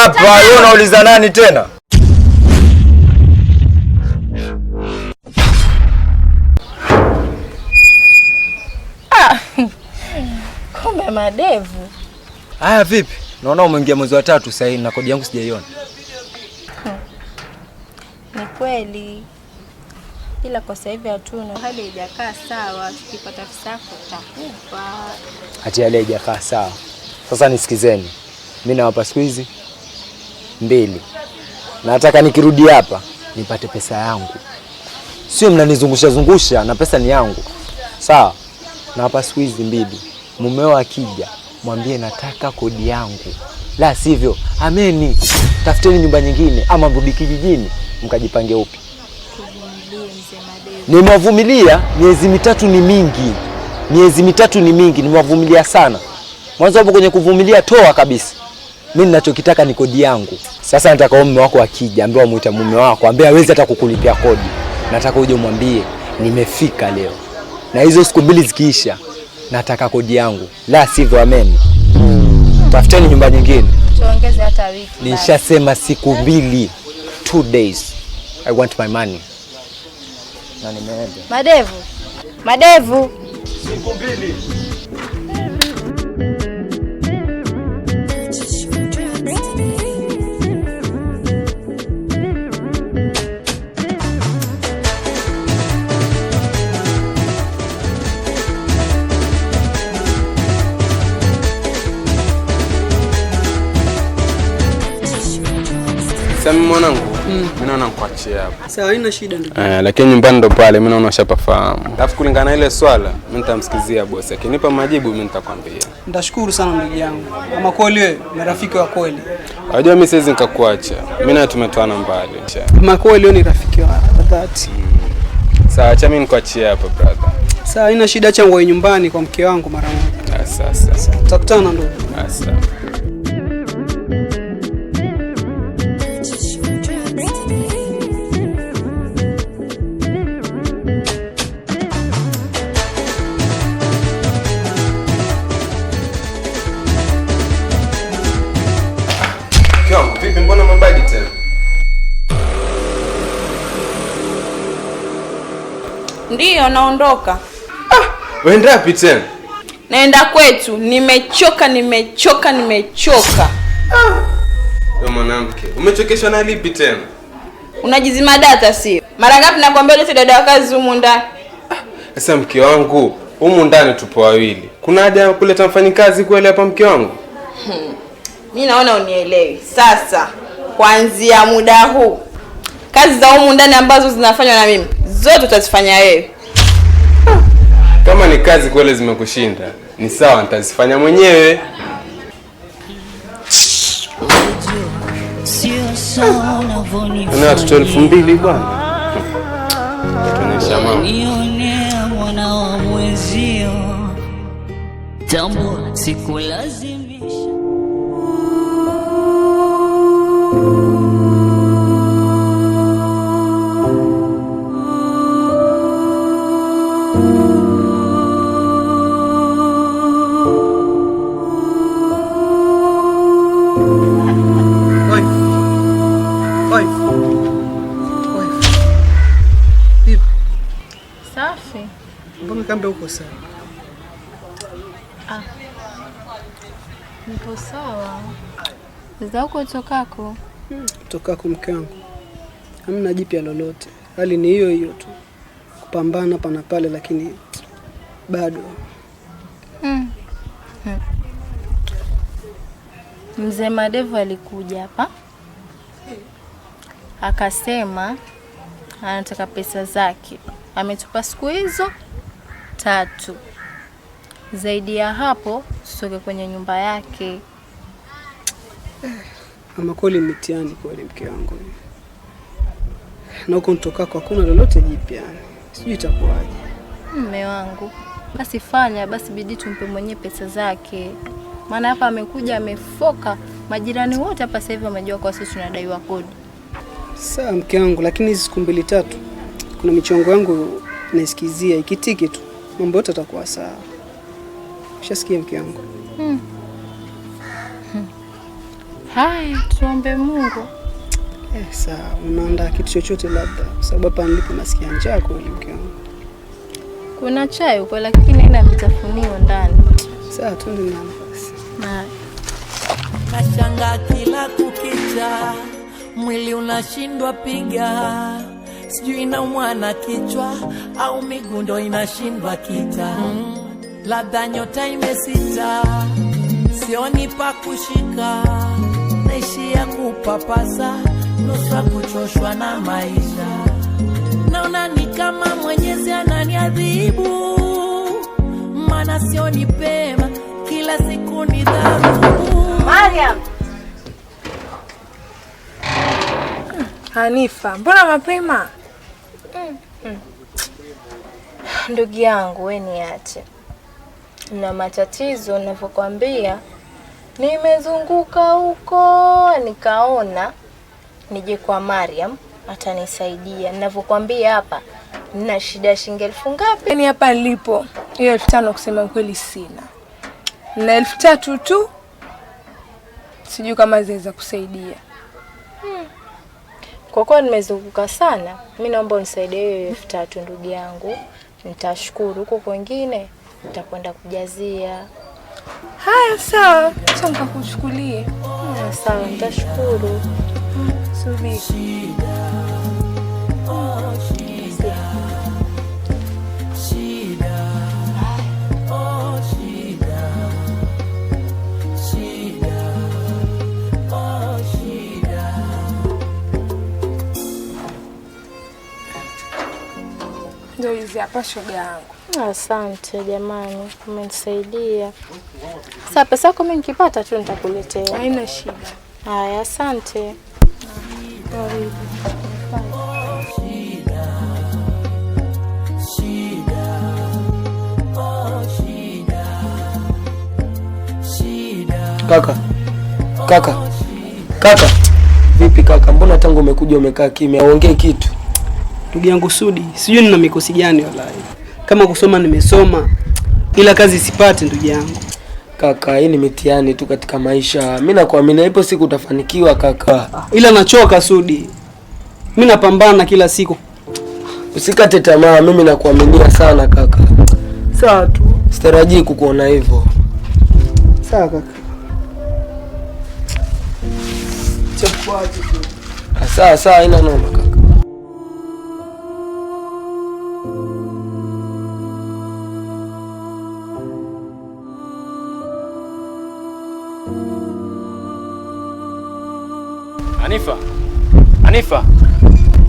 hapa, wewe unauliza nani tena? Ah. kumbe madevu haya. Vipi, naona umeingia mwezi wa tatu sasa hivi na kodi yangu sijaiona. Hmm. Ni kweli, ila kwa sasa hivi hatuna, hali haijakaa sawa. Tukipata visako tutakupa. Hati hali haijakaa sawa. Sasa nisikizeni, mimi nawapa siku hizi mbili. Nataka nikirudi hapa nipate pesa yangu, sio mnanizungusha zungusha na pesa ni yangu. Sawa, na hapa siku hizi mbili, mumeo akija mwambie nataka kodi yangu, la sivyo ameni, tafuteni nyumba nyingine ama mrudi kijijini mkajipange upya. Nimewavumilia miezi mitatu, ni mingi. Miezi mitatu ni mingi, nimewavumilia sana. Mwanzo hapo kwenye kuvumilia, toa kabisa mimi ninachokitaka ni kodi yangu. Sasa nataka mume wako akija, ambaye amuita mume wako ambaye hawezi hata kukulipia kodi, nataka uje umwambie nimefika leo, na hizo siku mbili zikiisha nataka kodi yangu, la sivyo amen, tafuteni nyumba nyingine. Tuongeze hata wiki. Nishasema siku mbili, two days. I want my money. Na nimeenda madevu, madevu, siku mbili. Sami mwanangu, mm. mimi naona nikuachie hapo. Sawa, haina shida ndugu. Eh, lakini nyumbani ndo pale mimi naona ushapafahamu. Alafu kulingana na ile swala, mimi nitamsikizia bosi. Akinipa majibu mimi nitakwambia. Nitashukuru sana ndugu yangu. Kama kweli wewe ni rafiki wa kweli. Unajua mimi siwezi nikakuacha. Mimi na tumetoana mbali. Kama kweli wewe ni rafiki wa dhati. Mm. Sawa, acha mimi nikuachie hapo brother. Sawa, haina shida, acha ngoe nyumbani kwa mke wangu mara moja. Sasa. Tutakutana ndugu. Sasa. naondoka. Ah, wenda wapi tena? Naenda kwetu, nimechoka, nimechoka, nimechoka. Ah, yo mwanamke umechokeshwa na lipi tena? Unajizima data, si? Mara ngapi nakwambia ulete dada wa kazi humu ndani? Ah, Sasa mke wangu, humu ndani tupo wawili, kuna haja ya kuleta mfanyikazi kweli hapa mke wangu? Hmm. Mimi naona unielewi. Sasa kuanzia muda huu kazi za humu ndani ambazo zinafanywa na mimi zote utazifanya wewe. Kama ni kazi kweli zimekushinda, ni sawa, nitazifanya mwenyewe. Una watoto elfu mbili bwana, tambo siku kambe huko sawa? Ah. Niko sawa. Sasa uko tokako? Hmm. Tokako mke wangu, hamna jipya lolote, hali ni hiyo hiyo tu, kupambana pana pale, lakini bado hmm. Hmm. Mzee Madevu alikuja hapa akasema anataka pesa zake, ametupa siku hizo tatu. Zaidi ya hapo tutoke kwenye nyumba yake. Ama kweli mtihani kweli, mke wangu, na huko nitokako hakuna lolote jipya, sijui itakuwaje. Mme wangu, basi fanya basi bidii, tumpe mwenye pesa zake, maana hapa amekuja amefoka. Majirani wote hapa sasa hivi wamejua kwa sisi tunadaiwa kodi. Sawa mke wangu, lakini hizi siku mbili tatu kuna michongo yangu naisikizia ikitiki tu mambo yote atakuwa sawa. Ushasikia mke wangu? Hmm. Hmm. Haya, tuombe Mungu. Eh, sawa. Unaandaa kitu chochote labda, kwa sababu hapa nilipo nasikia njaa kweli mke wangu. Kuna chai huko lakini ina vitafunio ndani. Sawa, twende nani basi. Nashangaa kila kukicha, mwili unashindwa piga sijui na mwana kichwa au migundo inashindwa kita, labda nyota imesita, sioni pa kushika, naishia kupapasa, nusa kuchoshwa na maisha, naona ni kama Mwenyezi ananiadhibu, mana sioni pema, kila siku ni Mariam. Hanifa, mbona mapema? Mm. Ndugu mm. yangu we niache na matatizo, ninavyokwambia nimezunguka huko, nikaona nije kwa Mariam atanisaidia. Ninavyokwambia hapa na shida ya shilingi elfu ngapi? Yaani hapa nilipo hiyo elfu tano kusema kweli sina, na elfu tatu tu, sijui kama ziweza kusaidia. Kwa kuwa nimezunguka sana, mi naomba unisaidie hiyo elfu tatu ndugu yangu, nitashukuru. Huko kwengine nitakwenda kujazia. Haya, sawa, acha nikakuchukulie. Ah, sawa, nitashukuru. Subiri. matumizi hapa, shoga yangu. Asante jamani, umenisaidia. Sasa pesa yako mimi nikipata tu nitakuletea. Haina shida. Haya, asante. Kaka, kaka, kaka, vipi kaka, mbona tangu umekuja umekaa kimya, uongee kitu ndugu yangu Sudi, sijui nina mikosi gani wallahi. Kama kusoma nimesoma, ila kazi sipati ndugu yangu. Kaka, hii ni mitihani tu katika maisha. Mimi nakuamini, ipo siku utafanikiwa kaka. Ila nachoka Sudi, mi napambana kila siku. Usikate tamaa, mimi nakuaminia sana kaka. Sawa tu, sitarajii kukuona hivyo. Sawa kaka. Ah, sawa sawa, ina noma kaka. Hanifa, Hanifa,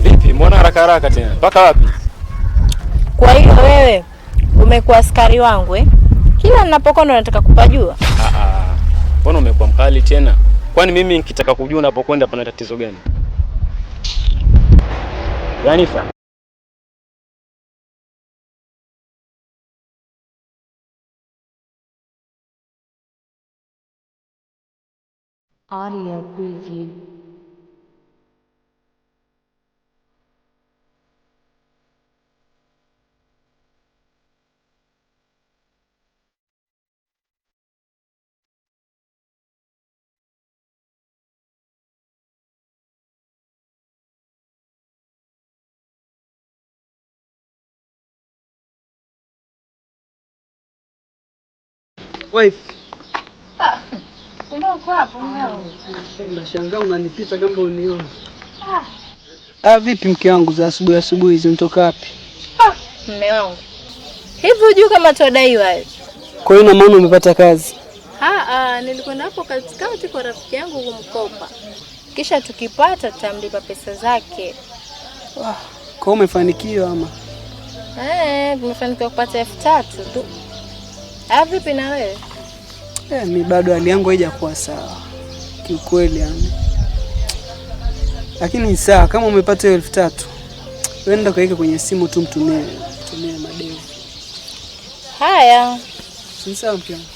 vipi? Mbona haraka haraka tena, mpaka wapi? Kwa hiyo wewe umekuwa askari wangu eh? Kila ninapokwenda unataka kupajua. Ah, ah. Mbona umekuwa mkali tena? Kwani mimi nikitaka kujua unapokwenda pana tatizo gani? Hanifa Audio preview. wife. Ah, ndio hapo leo. Nashangaa unanipita kama uniona. Ah. Ah, vipi mke wangu za asubuhi asubuhi zimetoka wapi? Ah, mume wangu. Hivi unajua kama twadaiwa? Kwa hiyo na maana umepata kazi? Ah, ah, nilikwenda hapo katikati kwa rafiki yangu kumkopa. Kisha tukipata tutamlipa pesa zake. Ah, kwa umefanikiwa ama? Eh, tumefanikiwa kupata elfu tatu tu. Vipi na wewe? Eh, mi bado hali yangu haijakuwa sawa kiukweli, yani lakini sawa. Kama umepata hiyo elfu tatu wenda kaweke kwenye simu tu, mtumie mtumie madeni. Haya, si sawa mke wangu.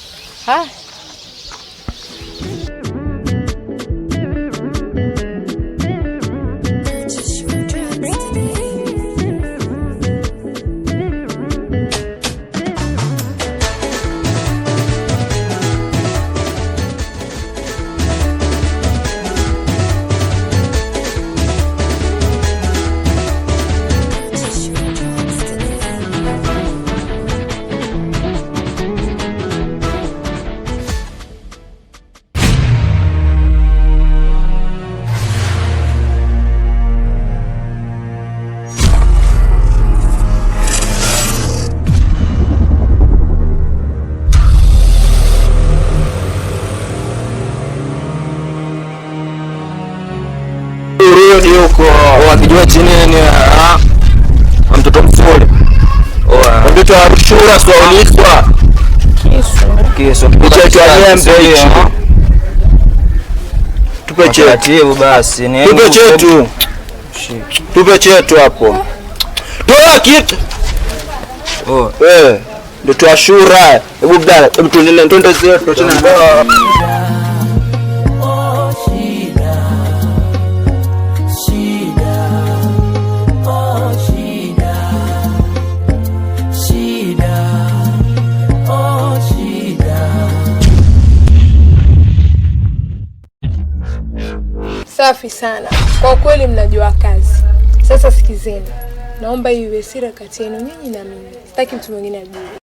Uwe chini ni ah, mtoto mzuri. Mtoto wa shura swaulizwa. Kesho. Kesho ya mbe hichi. Tupe chetu basi. Tupe chetu. Tupe chetu hapo. Toa kitu. Oh. Eh. Ndio tuashura. Hebu dada, hebu tuendelee. Twende zetu. Safi sana kwa kweli, mnajua kazi. Sasa sikizeni, naomba iwe siri kati yenu nyinyi na mimi, sitaki mtu mwingine ajue.